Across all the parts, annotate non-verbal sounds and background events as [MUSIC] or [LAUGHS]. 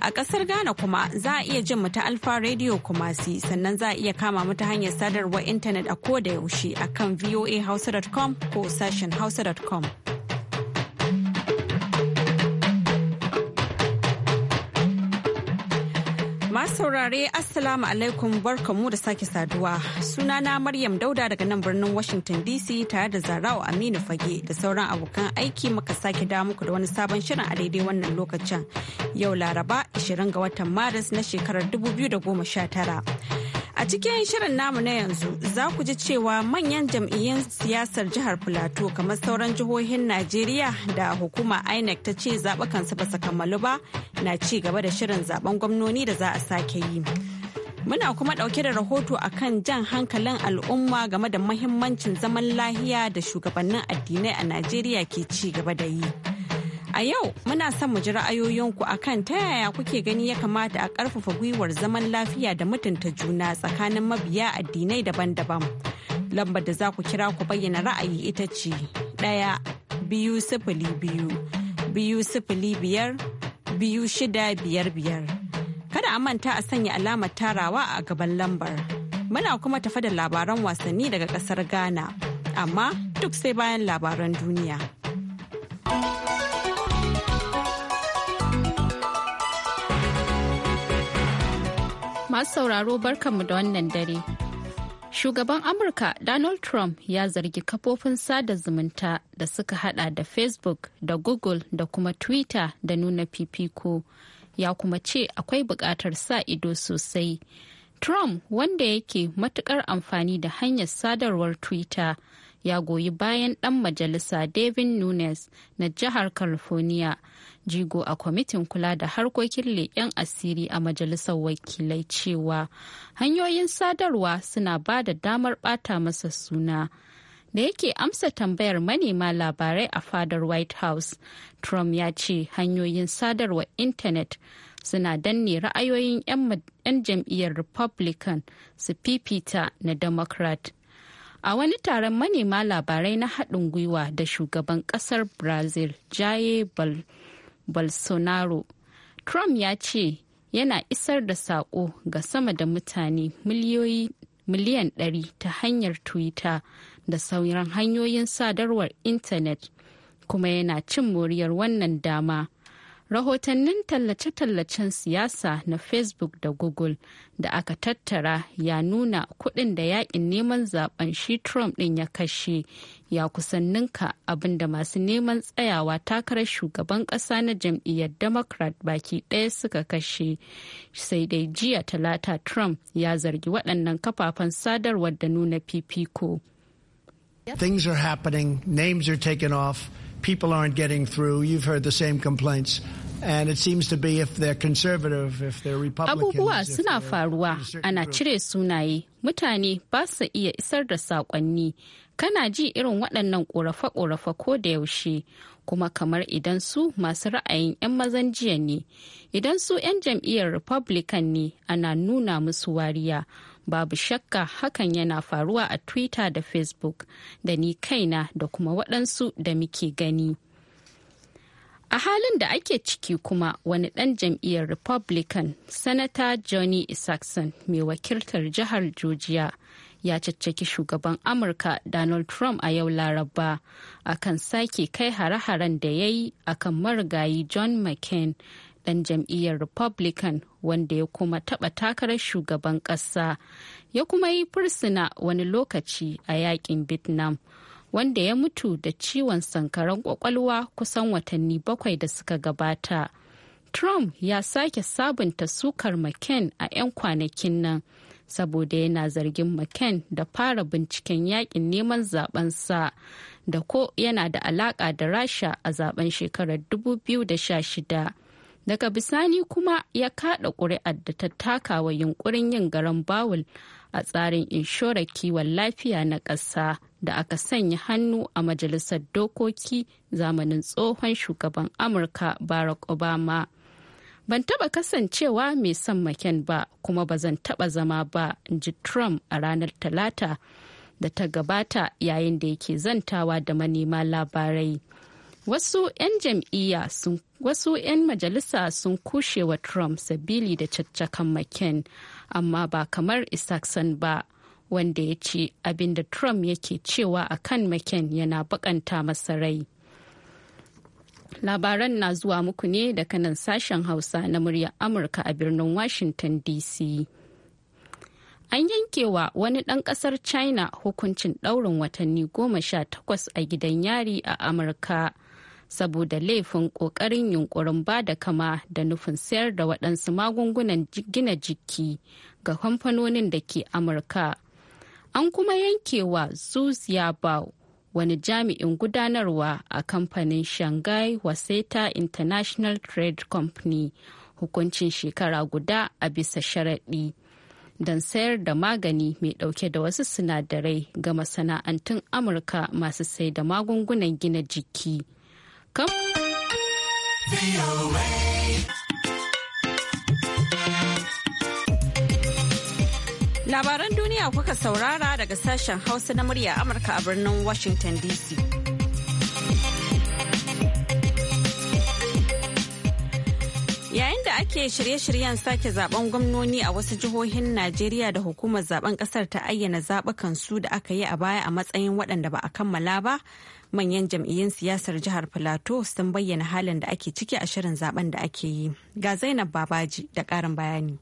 A ƙasar Ghana kuma za a iya jin mu ta Alfa Radio Kumasi sannan za a iya kama mata hanyar sadarwar intanet a koda yaushe akan voahausa.com ko sashen hausa.com. saurare Assalamu alaikum barkamu da sake saduwa. Sunana Maryam Dauda daga nan birnin Washington DC tare da Zarawa Aminu Fage da sauran abokan aiki muka sake da muku da wani sabon shirin a daidai wannan lokacin. Yau Laraba 20 ga watan Maris na shekarar 2019. A cikin shirin namu na yanzu za ku ji cewa manyan jam'iyyun siyasar jihar Filato kamar sauran jihohin Najeriya da hukuma INEC ta ce zaɓukansu ba su kammalu ba na ci gaba da shirin zaben gwamnoni da za a sake yi. Muna kuma ɗauke da rahoto a kan jan hankalin al'umma game da mahimmancin zaman lahiya da shugabannin addinai a Najeriya ke ci gaba da yi. A yau muna son mu ji ra'ayoyinku kan ta yaya kuke gani ya kamata a ƙarfafa gwiwar zaman lafiya da mutunta juna tsakanin mabiya addinai daban-daban. Lambar da za ku kira ku bayyana ra'ayi ita ce ɗaya biyu sifili biyu biyu sifili biyar biyu shida biyar biyar. Kada a manta a sanya alamar tarawa a gaban lambar. Muna kuma tafa da labaran wasanni daga ƙasar Ghana, amma duk sai bayan labaran duniya. Masu sauraro barkanmu da wannan dare. Shugaban Amurka Donald Trump ya zargi kafofin sada zumunta da suka hada da Facebook da Google da kuma Twitter da nuna fifiko. Ya kuma ce akwai bukatar sa ido sosai. Trump wanda yake matukar amfani da hanyar sadarwar Twitter ya goyi bayan ɗan majalisa David Nunes na jihar California jigo a kwamitin kula da harkokin leƙen asiri a majalisar wakilai cewa hanyoyin sadarwa suna ba da damar bata masa suna. da yake amsa tambayar manema labarai a fadar white house trump ya ce hanyoyin sadarwa intanet suna danne ra'ayoyin 'yan jam'iyyar republican su fifita na democrat a wani taron manema labarai na haɗin gwiwa da shugaban ƙasar brazil jaye bolsonaro trump ya ce yana isar da saƙo ga sama da mutane miliyoyi miliyan ɗari ta hanyar twitter da sauran hanyoyin sadarwar intanet kuma yana cin moriyar wannan dama rahotannin tallace-tallacen siyasa na facebook da google da aka tattara ya nuna kudin da yakin neman zaben shi trump din ya kashe ya kusan abinda masu neman tsayawa takarar shugaban kasa na jam'iyyar democrat baki daya suka kashe sai dai jiya talata trump ya zargi waɗannan kafafen sadarwar da nuna fifiko Things are happening, names taken off, people aren't getting through. You've heard the same Abubuwa suna faruwa ana cire sunaye mutane ba su iya isar da sakonni kana ji irin waɗannan korafe korafe ko da yaushe kuma kamar idan su masu ra'ayin 'yan mazan jiya ne idan su 'yan jam'iyyar republican ne ana nuna musu wariya babu shakka hakan yana faruwa a twitter da facebook da ni kaina da kuma waɗansu da muke gani. A halin da ake ciki kuma wani ɗan jam'iyyar Republican, Sanata Johnny Isaacson mai wakiltar jihar Georgia ya caccaki shugaban Amurka Donald Trump a yau Laraba akan sake kai hare-haren da ya yi akan marigayi John McCain ɗan jam'iyyar Republican wanda ya kuma taɓa takarar shugaban ƙasa ya kuma yi fursuna wani lokaci a yakin Vietnam. wanda ya mutu da ciwon sankaran kwakwalwa kusan watanni bakwai da suka gabata. Trump ya sake sabunta sukar McCain a 'yan kwanakin nan saboda yana zargin McCain da fara binciken yakin neman zabensa da ko yana da alaka da rasha a zaben shekarar 2016. Daga bisani kuma ya kaɗa ƙuri'ar da ta takawa yunƙurin yin garan bawul a tsarin inshorar kiwon lafiya na ƙasa da aka sanya hannu a majalisar dokoki zamanin tsohon shugaban amurka barack obama ban taba kasancewa mai son maken ba kuma ba zan taba zama ba in ji trump a ranar talata da ta gabata yayin da yake zantawa da manema labarai wasu 'yan jam'iyya sun wasu 'yan majalisa sun kushe wa trump sabili da caccakan maken amma ba kamar isaacson ba wanda ya ce abinda Trump yake cewa a kan McCain yana bakanta masarai. Labaran na zuwa muku ne da nan sashen Hausa na muryar Amurka a birnin Washington DC. An yankewa wani ɗan ƙasar China hukuncin ɗaurin watanni goma sha takwas a gidan yari a Amurka. saboda laifin ƙoƙarin yunkurin ba da kama da nufin sayar da waɗansu magungunan gina jiki ga kamfanonin da ke amurka An kuma yankewa Zhu Xiaobao wani jami'in gudanarwa a kamfanin Shanghai Waseta International Trade Company hukuncin shekara guda a bisa sharaɗi don sayar da magani mai ɗauke da wasu sinadarai ga masana'antun Amurka masu sai da magungunan gina jiki. Labaran duniya kuka saurara daga sashen Hausa na murya Amurka a birnin Washington DC. Yayin da ake shirye-shiryen sake zaben gwamnoni a wasu jihohin Najeriya da hukumar zaben kasar ta ayyana zaɓukan su da aka yi a baya a matsayin waɗanda ba a kammala ba, manyan jam'iyyun siyasar jihar Filato sun bayyana halin da ake ciki a shirin zaben da ake yi. Ga Zainab Babaji da ƙarin bayani.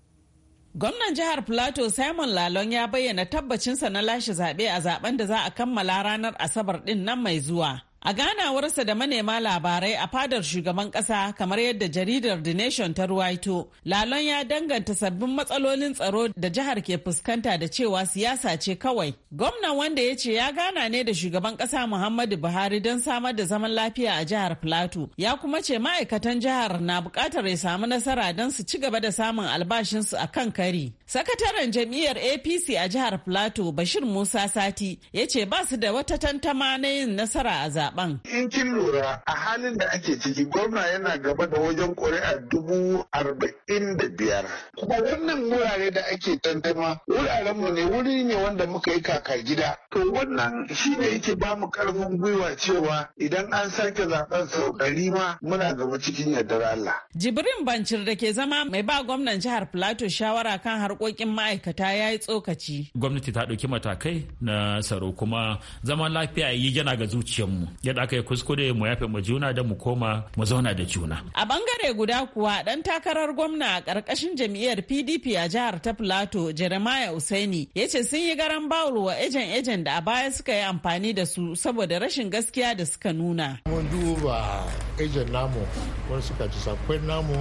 Gwamnan jihar Plateau Simon Lalon ya bayyana tabbacinsa na lashe zaɓe a zaben da za a kammala ranar Asabar ɗin nan mai zuwa. A ganawarsa da manema labarai a fadar shugaban kasa kamar yadda jaridar The Nation ta ruwaito, Lalon ya danganta sabbin matsalolin tsaro da jihar ke fuskanta da cewa siyasa ce kawai. Gwamnan wanda ya ce ya gana ne da shugaban kasa Muhammadu Buhari don samar da zaman lafiya a jihar Plateau, ya kuma ce ma'aikatan jihar na bukatar ya samu nasara don su ci gaba da samun albashinsu a kan kari. Sakataren jam'iyyar APC a jihar Plateau Bashir Musa Sati ya ce ba su da wata tantama na yin nasara a zaben. In kin lura a halin da ake ciki gwamna yana gaba da wajen ƙuri'a dubu arba'in da biyar. Kuma wannan wurare da ake tantama wuraren mu ne wuri ne wanda muka yi kaka gida. To wannan shi ne yake ba mu karfin gwiwa cewa idan an sake zaben sau ɗari ma muna gaba cikin yardar Allah. Jibrin Bancir da ke zama mai ba gwamnan jihar Plateau shawara kan harkokin haƙoƙin ma'aikata ya yi tsokaci. Gwamnati ta ɗauki matakai na tsaro kuma zaman lafiya yi yana ga zuciyarmu yadda aka yi kuskure mu yafe mu juna da mu koma mu zauna da juna. A bangare guda kuwa ɗan takarar gwamna a ƙarƙashin jam'iyyar PDP a jihar ta filato Jeremiah Usaini ya ce sun yi garan bawul wa ejen-ejen da a baya suka yi amfani da su saboda rashin gaskiya da suka nuna. Mun duba ejen namu wani suka ci sakwai namu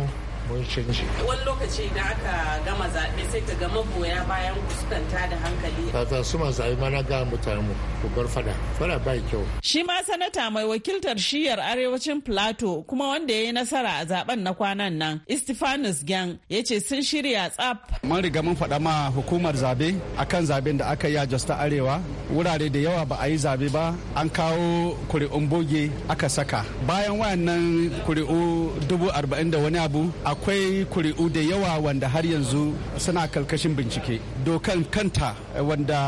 mun canji wani lokaci da aka gama zaɓe sai ka gama magoya bayan kuskanta da hankali kafin su masu zaɓe mana ga mutane mu ku bar fada fada ba kyau shi ma sanata mai wakiltar shiyar arewacin plateau kuma wanda ya yi nasara a zaben na kwanan nan istifanus gyan ya ce sun shirya tsaf mun riga mun faɗa ma hukumar zabe akan zaben da aka yi a jos ta arewa wurare da yawa ba a yi zaɓe ba an kawo kuri'un boge aka saka bayan wayannan kuri'u dubu arba'in da wani abu a akwai kuri'u da yawa wanda har yanzu suna kalkashin bincike dokan kanta eh, wanda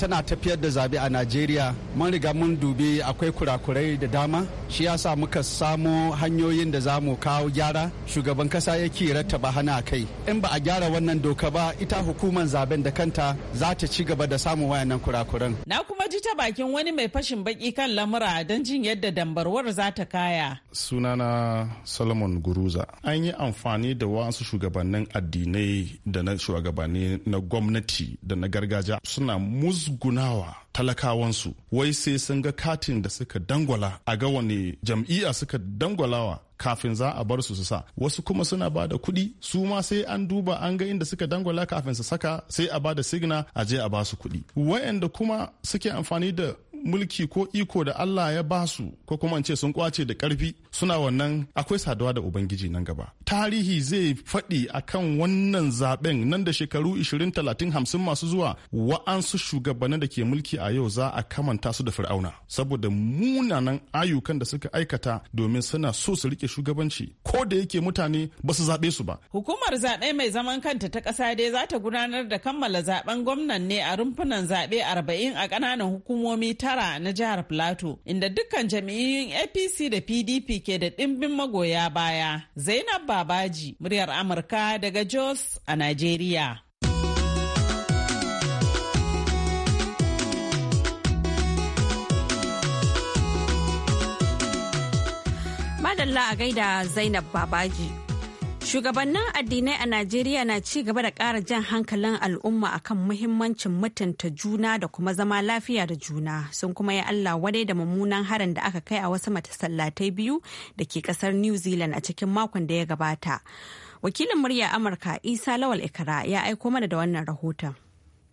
tana tafiyar da zabe a najeriya mun riga mun dubi akwai kurakurai da dama shi yasa muka samo hanyoyin da za mu kawo gyara shugaban kasa yake ba hana kai in ba a gyara wannan doka ba ita hukumar zaben da kanta za ta ci gaba da samun wayannan kurakuran na kuma ji ta bakin wani mai fashin baki kan lamura don jin yadda dambarwar za ta kaya sunana solomon guruza an yi amfani amfani da wasu shugabannin addinai da na shugabanni na gwamnati da na gargajiya suna musgunawa talakawansu wai sai sun ga katin da suka dangwala a ga wani jam'iyya suka dangwalawa kafin za a bar su su sa wasu kuma suna ba da kuɗi su ma sai an duba an ga inda suka dangwala kafin su saka sai a ba da signa a je a ba su kuɗi wayanda kuma suke amfani da mulki ko iko da Allah ya ba su ko kuma ce sun kwace da karfi suna wannan akwai saduwa da ubangiji nan gaba tarihi zai faɗi akan wannan zaben nan da shekaru 20 30 50 masu zuwa wa'ansu shugabannin da ke mulki a yau za a kamanta su da fir'auna saboda munanan ayyukan da suka aikata domin suna so su rike shugabanci ko da yake mutane ba su zaɓe su ba hukumar zaɓe mai zaman kanta ta ƙasa dai za ta gudanar da kammala zaben gwamnan ne a rumfunan zaɓe 40 a ƙananan hukumomi ta tara na jihar Plateau, inda dukkan jam'iyyun APC da PDP ke da ɗimbin magoya baya. Zainab Babaji, muryar Amurka daga Jos a Najeriya. Madalla a gaida Zainab Babaji. Shugabannin addinai a Najeriya na ci gaba da ƙara jan hankalin al'umma akan muhimmancin mutunta juna da kuma zama lafiya da juna sun kuma yi Allah wadai da mummunan harin da aka kai a wasu matasallatai biyu da ke ƙasar New Zealand a cikin makon da ya gabata. Wakilin murya Amurka Isa Lawal Ikara ya aiko mana da wannan rahoton.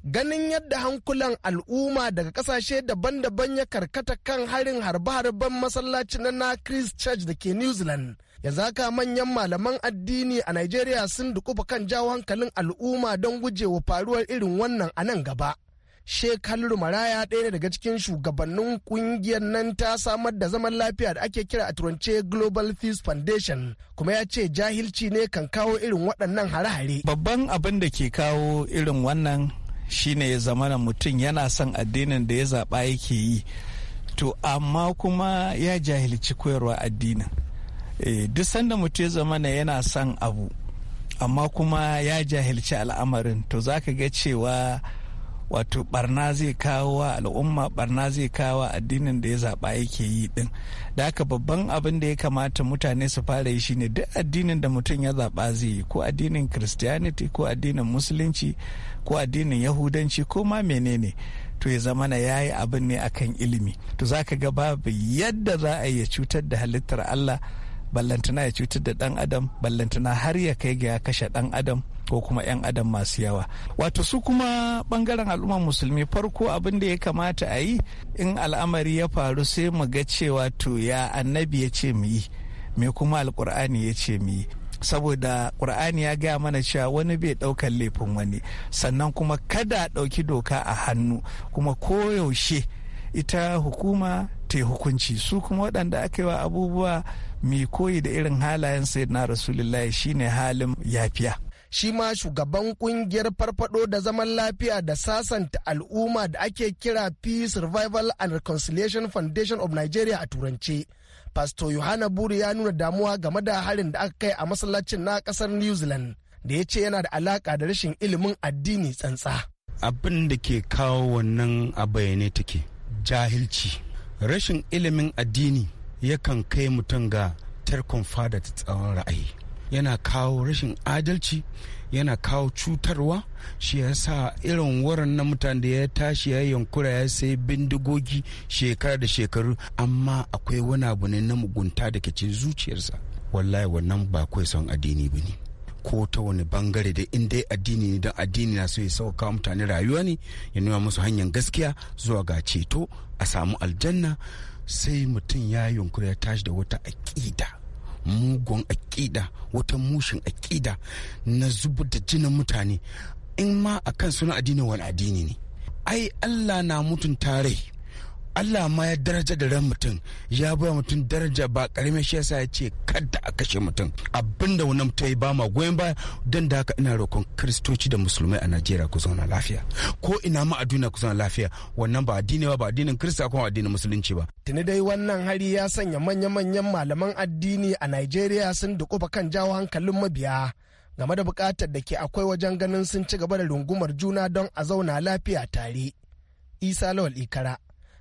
ganin yadda hankulan al'umma daga kasashe daban-daban ya karkata kan harin harbe-harben masallaci na na Christchurch da ke New Zealand yanzu haka manyan malaman addini a Najeriya sun dukufa kan jawo hankalin al'umma don gujewa faruwar irin wannan a nan gaba. shekaru Maraya ɗaya daga cikin shugabannin kungiyar nan ta samar da zaman lafiya da ake kira a turance Global Peace Foundation kuma ya ce jahilci ne kan kawo irin waɗannan hare-hare. Babban abin da ke kawo irin wannan shine ya na mutum yana son addinin da ya zaɓa yake yi. To amma kuma ya jahilci koyarwa addinin. Eh, duk sanda mutum ya zama na yana son abu amma kuma ya jahilci al'amarin to za ka ga cewa wato barna zai kawo wa al'umma barna zai kawo addinin da ya zaɓa yake yi din da haka babban abin da ya kamata mutane su fara yi shine duk addinin da mutum ya zaɓa zai yi ko addinin christianity ko addinin musulunci ko addinin yahudanci ko ma menene to ya zama na ya yi abin ne akan ilimi to za ka ga babu yadda za a iya cutar da halittar allah ballantana ya cutar da ɗan adam ballantana har ya kai ga ya kashe ɗan adam ko kuma 'yan adam masu yawa wato su kuma bangaren al'ummar musulmi farko abin da ya kamata a yi in al'amari ya faru sai mu ga cewa to ya annabi ya ce mu yi me kuma alkur'ani ya ce mu yi saboda ƙur'ani ya gaya mana cewa wani bai ɗauka laifin wani sannan kuma kada ɗauki doka a hannu kuma koyaushe ita hukuma ta hukunci su kuma waɗanda aka yi wa abubuwa mai koyi da irin halayen sayyidina rasulullahi shine halin yafiya shi ma shugaban kungiyar farfado da zaman lafiya da sasanta al'umma da ake kira peace survival and reconciliation foundation of nigeria a turance pastor yohana buri ya nuna damuwa game da harin da aka kai a masallacin na kasar new zealand da ya ce yana da alaka da rashin ilimin addini tsantsa abin da ke kawo wannan a bayyane take jahilci rashin ilimin addini yakan kai mutum ga tarkon fada ta tsawon ra'ayi yana kawo rashin adalci yana kawo cutarwa shi ya sa irin wurin na mutane da ya tashi ya yankura ya sai bindigogi shekara da shekaru amma akwai wani abu ne na mugunta da ke cin zuciyarsa wallahi wannan ba kai son addini ba ne ko ta wani bangare da in dai addini ne don addini na so ya sauka mutane rayuwa ne ya nuna musu hanyar gaskiya zuwa ga ceto a samu aljanna sai mutum ya yunkuri ya tashi da wata aƙida mugun aƙida wata mushin aƙida na zubar da jinin mutane in ma akan suna addini wani addini ne ai allah na mutunta rai Allah ma ya daraja da ran mutum ya ba mutum daraja ba karamin shi yasa ya ce kada a kashe mutum abinda wani mutum ya ba ma goyon baya don da haka ina roƙon kristoci da musulmai a Najeriya ku zauna lafiya ko ina ma a duniya ku zauna lafiya wannan ba addini ba ba addinin kirista ko addinin musulunci ba tuni dai wannan hari ya sanya manya-manyan malaman addini a Najeriya sun ba kan jawo hankalin mabiya game da bukatar da ke akwai wajen ganin sun ci gaba da rungumar juna don a zauna lafiya tare. Isa Lawal Ikara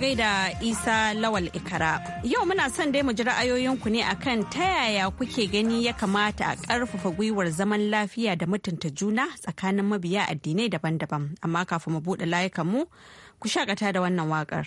a gaida Isa Lawal Ikara. Yau muna son dai mu ji ra'ayoyinku ne akan ta yaya kuke gani ya kamata a ƙarfafa gwiwar zaman lafiya da mutunta juna tsakanin mabiya addinai daban-daban. Amma kafin mu buɗe mu ku shakata da wannan waƙar.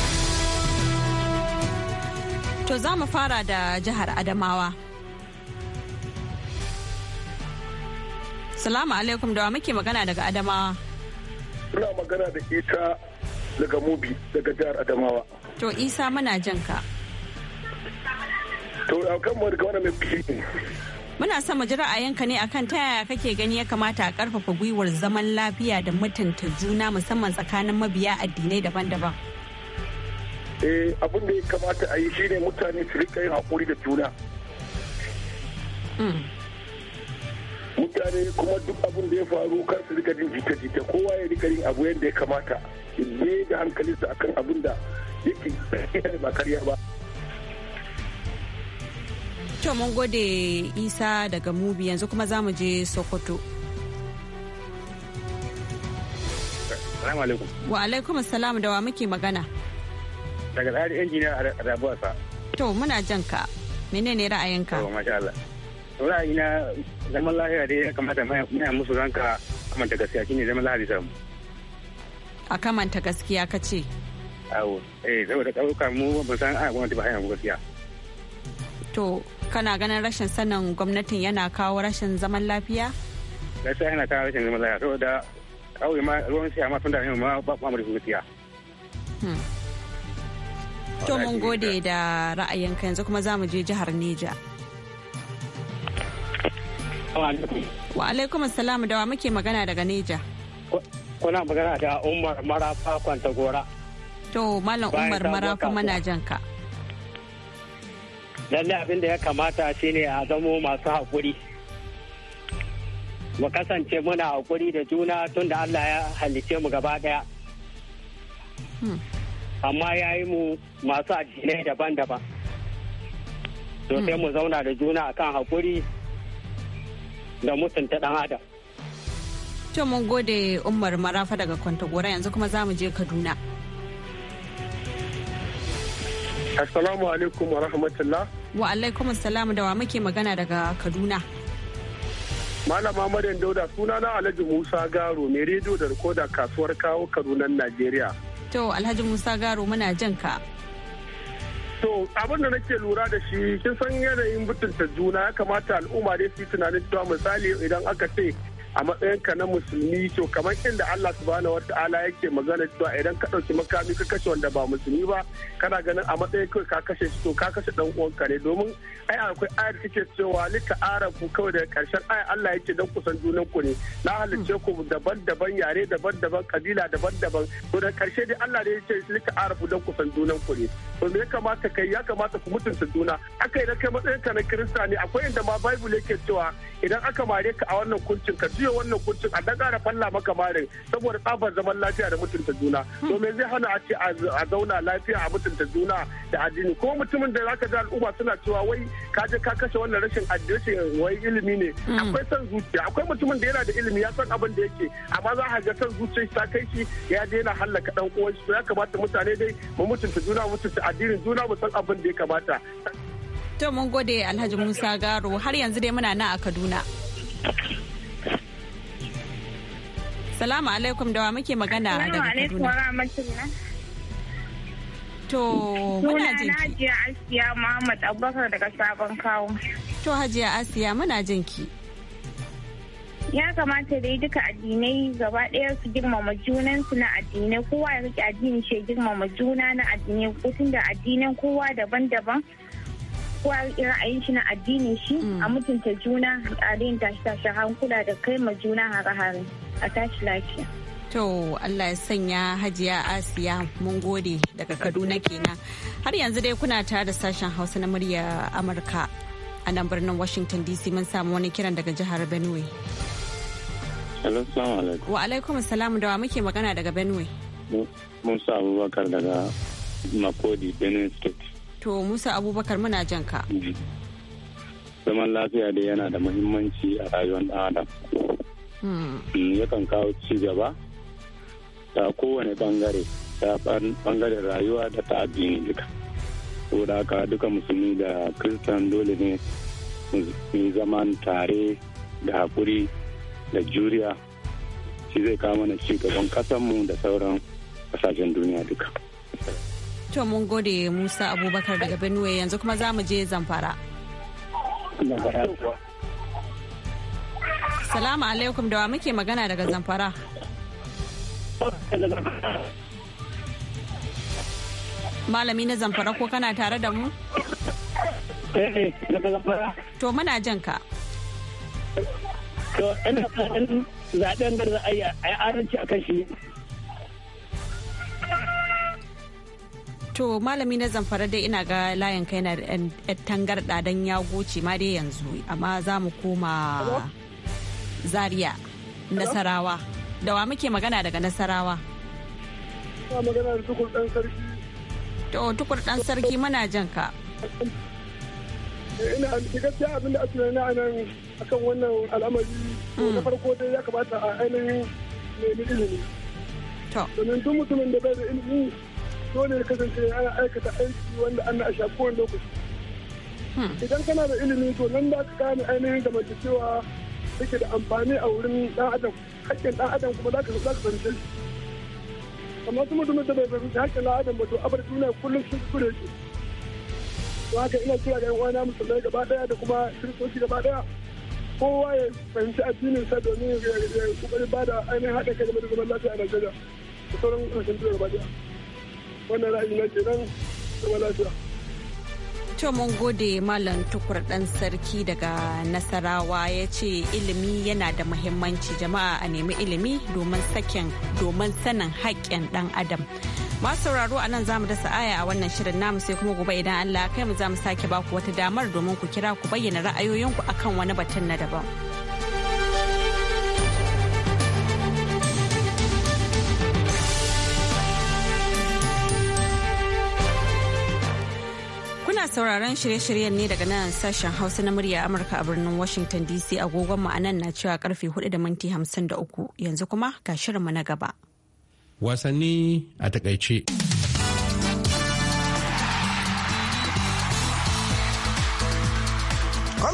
To za mu fara da jihar Adamawa. Salamu alaikum da wa muke magana daga Adamawa. Ina magana da isa daga Mubi daga jihar Adamawa. To Isa muna jin ka. To kan mu daga wannan mai Muna son mu ji ra'ayinka ne akan ta yaya kake gani ya kamata a karfafa gwiwar zaman lafiya da mutunta juna musamman tsakanin mabiya addinai daban-daban. eh abin da ya kamata a yi shine mutane su rika yin haƙuri da juna mm. mutane kuma duk abin da ya faru kar su rika jin jita-jita kowa ya rika yin abu yadda ya kamata ne da hankalinsa akan abin da yake [LAUGHS] ba karya ba to mun gode isa daga mubi yanzu kuma za mu je sokoto wa alaikum salam da wa muke magana daga tsari injiniya a rabuwarsa. To muna jan ka ne ra'ayinka? To masha Allah. na zaman lafiya dai ya kamata muna musu ranka kamanta gaskiya shine zaman lafiya samu. A kamanta gaskiya ka ce? Awo, eh saboda ƙauyuka mu ba san ana gwamnati ba hanyar gaskiya. To kana ganin rashin sanin gwamnatin yana kawo rashin zaman lafiya? Gaskiya yana kawo rashin zaman lafiya saboda ƙauye ma ruwan siya ma sun da ma ba mu da gaskiya. Hmm. To mun gode da ra'ayinka yanzu kuma za mu je jihar Neja. Wa alaikum salam da wa muke magana daga Neja. Kuna magana da Umar Marafa Kwanta Gora. To Malam Umar Marafa mana ka. Lallai abin da ya kamata shine a zamo masu haƙuri. Mu kasance muna haƙuri da juna tun da Allah ya halice mu gaba ɗaya. Hmm. amma ya yi mu masu addinai daban-daban to sai mu zauna da juna akan haƙuri da mutunta ɗan adam to mun gode umar marafa daga kwantagora yanzu kuma za mu je kaduna assalamu alaikum wa rahmatullah wa alaikum assalam da wa muke magana daga kaduna malama maryam dauda suna na alhaji musa garo mai rediyo da rikoda kasuwar kawo kadunan najeriya To Alhaji Musa Garo muna jan ka. To abin da nake lura da shi kin san yanayin mutunta juna ya kamata al'umma dai su yi tunanin cewa misali idan aka ce a matsayin ka na musulmi to kamar inda Allah subhanahu wata'ala yake magana cewa idan ka ɗauki makami ka kashe wanda ba musulmi ba kana ganin a matsayin kai ka kashe shi to ka kashe dan ka ne domin ai akwai ayar take cewa lita arafu kawai daga karshen ayar Allah yake dan kusan junan ku ne na halicce ku daban-daban yare daban-daban kabila daban-daban to da karshe dai Allah ne yake lita arafu dan kusan junan ku ne to me ya kamata kai ya kamata ku mutunta juna aka da kai ka na kirista ne akwai inda ma bible yake cewa idan aka mare ka a wannan kuncin ka jiya wannan kuncin a dan falla maka mare saboda tsafar zaman lafiya da mutunta juna to me zai hana a ce a zauna lafiya a mutunta juna da addini ko mutumin da zaka ji al'umma suna cewa wai ka je ka kashe wannan rashin addini wai ilimi ne hmm. akwai san zuciya akwai mutumin da yana da ilimi ya san abin da yake amma za a ga san zuciya ta kai shi ya daina hallaka dan uwan shi to ya kamata mutane dai mu mutunta juna mutunta addinin juna mu san abin da ya kamata to mun gode Alhaji Musa Garo har yanzu dai muna nan a Kaduna Salamu alaikum da wa muke magana daga Kaduna. To muna jin ki. Hajiya Asiya Muhammad Abubakar daga Sabon Kawo. To Hajiya Asiya muna jin ki. Ya kamata dai duka addinai gaba ɗaya su girmama junansu na addinai kowa ya rike addini shi girmama juna na addinai kutun da addinan kowa daban-daban kowa ra'ayin shi na addinin shi mm. a mutunta juna a daina tashi tashi hankula da kai ma juna hare-hare a tashi lafiya. To Allah ya sanya hajiya Asiya mun gode daga Kaduna kenan. Har yanzu dai kuna tare da sashen Hausa na murya Amurka a nan birnin Washington DC mun samu wani kiran daga jihar Benue. Wa alaikum salamu da wa muke magana daga Benue. Musa Abubakar daga Makodi Benue State. to musa abubakar muna jan ka zaman lafiya da yana da muhimmanci a rayuwar ɗan adam hmm. Hmm, yakan kawo ci gaba ta kowane bangare ta bangaren rayuwa da ta addini duka saboda haka duka musulmi da kristan dole ne mu zaman tare da hakuri da juriya shi zai kawo mana ci gaban kasanmu da sauran kasashen duniya duka. To mun gode Musa Abubakar daga Benue yanzu kuma za mu je Zamfara. Salamu alaikum da wa muke magana daga Zamfara. Malami na Zamfara ko kana tare da mu? Eh, daga Zamfara. To muna jan ka. To ina zaɓen da za a yi a yi aranci a kan shi to malami na zamfara dai ina ga layin kai na tangarɗa don ya goce ma dai yanzu amma za mu koma zaria nasarawa da wa muke magana daga nasarawa magana da tukur sarki to tukur dan sarki muna jan ka eh, ina gaskiya abin da ake a nan akan wannan al'amari na mm. farko dai ya kamata a ainihin ne ilimi domin duk mutumin da bai da ilimi dole ya kasance ana aikata aiki wanda ana a shakuwan lokaci hmm. idan kana da ilimi to nan da ka gane ainihin da mace cewa take da amfani a wurin dan adam hakkin dan adam kuma za ka za fahimce shi amma kuma mutumin da bai fahimci hakkin dan adam ba to abar duniya kullum sun kure shi to haka ina kira ga yan uwana musulmai gaba daya da kuma kiristoci gaba daya kowa ya fahimci addinin sa domin ya kokari ba da ainihin haɗa kai da zaman lafiya a Najeriya da sauran ƙarshen duniya gaba daya. wannan ra'ayi na kenan kuma lafiya to mun gode malam tukur ɗan sarki daga nasarawa ya ce ilimi yana da muhimmanci jama'a a nemi ilimi domin sakin domin sanin haƙƙin ɗan adam masu sauraro a nan zamu dasa aya a wannan shirin namu sai kuma gobe idan allah kai mu zamu sake baku wata damar domin ku kira ku bayyana ra'ayoyinku akan wani batun na daban. sauraron shirye-shiryen ne daga nan sashen Hausa na murya Amurka a birnin Washington DC agogon mu anan na cewa karfe 4.53, yanzu kuma ga shirinmu na gaba. Wasanni a takaice.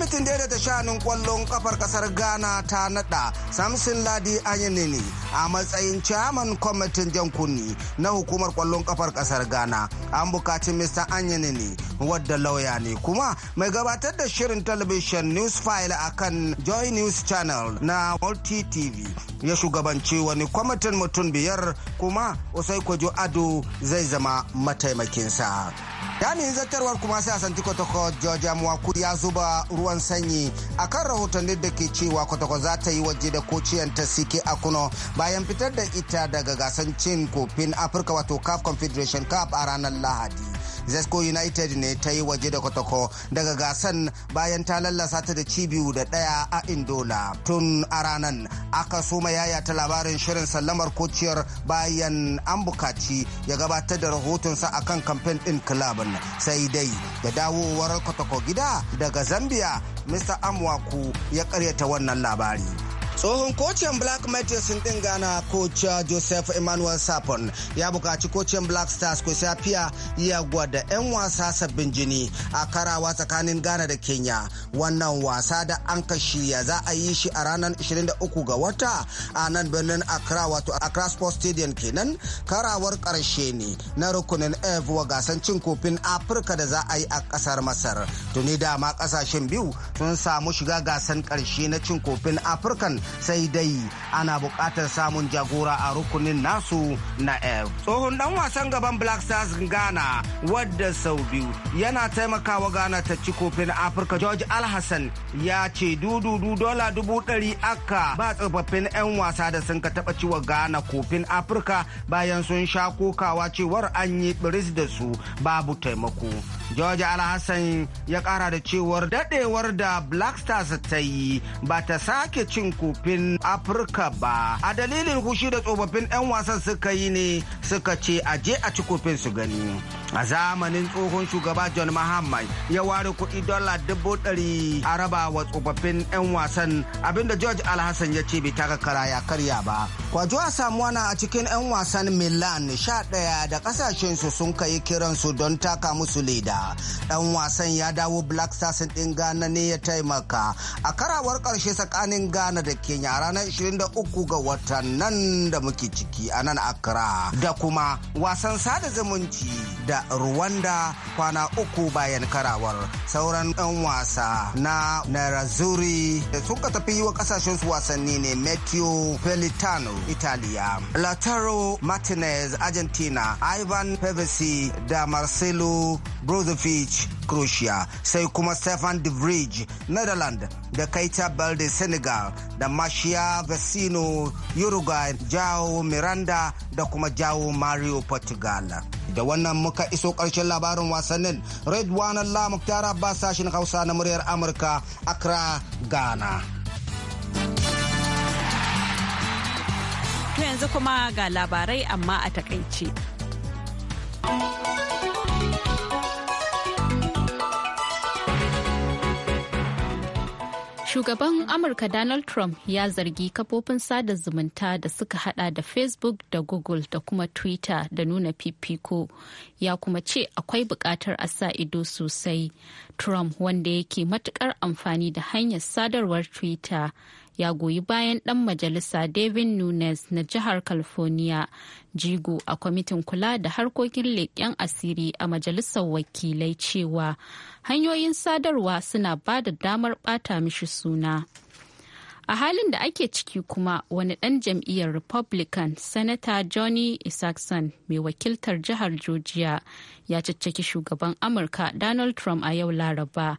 da ta shanun kwallon kafar kasar Ghana ta nada Samson Ladi anyanini a matsayin chairman kwamitin jan kunne na hukumar kwallon kafar kasar Ghana. An bukaci Mr. anyanini wadda lauya ne kuma mai gabatar da shirin television News File a kan Joy News Channel na Multi TV ya shugabanci wani kwamitin mutum biyar kuma Usai Kwajo Ado zai zama mataimakinsa. Jami'in zartarwar kuma sai a santi kwatakwa Georgia Mwaku ya zuba ruwan sanyi a kan rahoton da ke cewa kwatakwa za ta yi waje da ta CK Akuno bayan fitar da ita daga gasan cin kofin Afirka wato CAF Confederation Cup a ranar Lahadi. zesco united ne ta yi waje da kotoko daga gasan bayan ta lallasa ta da cibiyu da ɗaya a indola tun a ranan aka soma yaya ta labarin shirin sallamar kociyar bayan an bukaci ya gabatar da rahotonsa a kan kamfen din kilabin sai dai da dawowar kotoko gida daga zambia mr amwaku ya karyata wannan labari tsohon kocin black matrix din gana coach uh, joseph emmanuel sapon ya buƙaci kocin black stars ko safiya ya gwada 'yan wasa sabbin jini a karawa tsakanin ghana da kenya wannan wasa da an shirya za a yi shi a ranar 23 ga wata a nan birnin accra wato accra sports stadium kenan karawar ƙarshe ne na rukunin f wa gasan cin kofin afirka da za a yi a ƙasar masar tuni dama ƙasashen biyu sun samu shiga gasan ƙarshe na cin kofin afirkan sai dai ana buƙatar samun jagora a rukunin nasu na F. Tsohon dan wasan gaban Black Stars Ghana wadda sau biyu yana taimakawa Ghana ta ci kofin Afirka George Alhassan ya ce dududu dola dubu ɗari aka ba tsofaffin 'yan wasa da sun ka taɓa ciwa Ghana kofin Afirka bayan sun sha kokawa cewar an yi biris da su babu taimako. George Alhassan ya kara da cewar dadewar da Black Stars ta yi ba ta sake cin kofin Afirka ba. A dalilin hushi da tsofaffin 'yan wasan suka yi ne suka ce a je a ci kofin su gani. A zamanin tsohon shugaba John Mahama ya ware kuɗi dala dubu ɗari a raba wa tsofaffin 'yan wasan abinda George Alhassan ya ce bai taka kara ya karya ba. kwajuwa samuwana a cikin 'yan wasan milan sha ɗaya da ƙasashensu sun kai kiransu don taka musu leda ɗan wasan ya dawo black stars din ghana ne ya taimaka a karawar karshe tsakanin ghana da kenya ranar 23 ga watan nan da muke ciki a nan accra da kuma wasan sada zumunci da rwanda kwana uku bayan karawar sauran 'yan wasa na narazuri da sun ka tafi yi wa ƙasashensu wasanni ne matthew pelitano italiya lautaro martinez argentina ivan pevesi da marcelo brozovic croatia sai kuma stefan de vrij netherlands da kaita balde senegal da marcia vecino uruguay jao miranda da kuma jao mario portugal da wannan muka iso ƙarshen labarin wasannin redwan allah muktar abbas sashen hausa na muryar amurka accra ghana To yanzu kuma ga labarai amma a takaice. Shugaban Amurka Donald Trump ya zargi kafofin sada zumunta da suka hada da Facebook da Google da kuma Twitter da nuna fifiko ya kuma ce akwai bukatar a sa ido sosai. Trump wanda yake matukar amfani da hanyar sadarwar Twitter ya goyi bayan ɗan majalisa David Nunes na jihar California jigo a kwamitin kula da harkokin leƙen asiri a majalisar wakilai cewa hanyoyin sadarwa suna ba da damar bata mishi suna. a halin da ake ciki kuma wani ɗan jam'iyyar republican senator johnny isaacson mai wakiltar jihar georgia ya caccaki shugaban amurka donald trump a yau laraba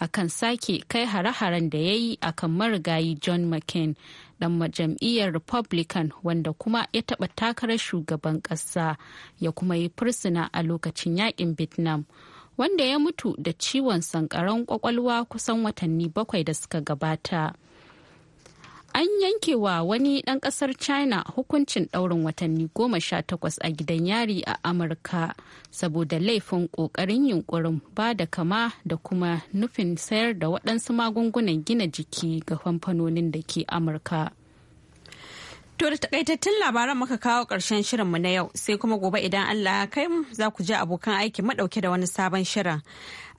akan sake kai hare-haren da ya yi akan marigayi john mccain dan jam'iyyar republican wanda kuma ya taɓa takarar shugaban ƙasa ya kuma yi fursuna a lokacin yakin vietnam wanda ya mutu da ciwon sankaran kwakwalwa kusan watanni bakwai da suka gabata. an yanke wa wani ɗan ƙasar china hukuncin ɗaurin watanni goma sha takwas a gidan yari a amurka saboda laifin ƙoƙarin yunkurin ba da kama da kuma nufin sayar da waɗansu magungunan gina jiki ga kamfanonin da ke amurka To da takaitattun labaran muka kawo ƙarshen shirinmu na yau sai kuma gobe idan Allah ya kai mu za ku je abokan aiki madauke da wani sabon shirin.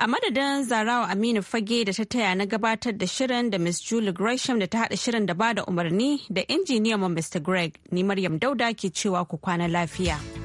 A madadin Zarawa Aminu Fage da ta taya na gabatar da shirin da Miss Julie Gresham da ta haɗa shirin da ba da umarni da injiniyan Mr. Greg, ni Maryam Dauda ke cewa ku kwana lafiya.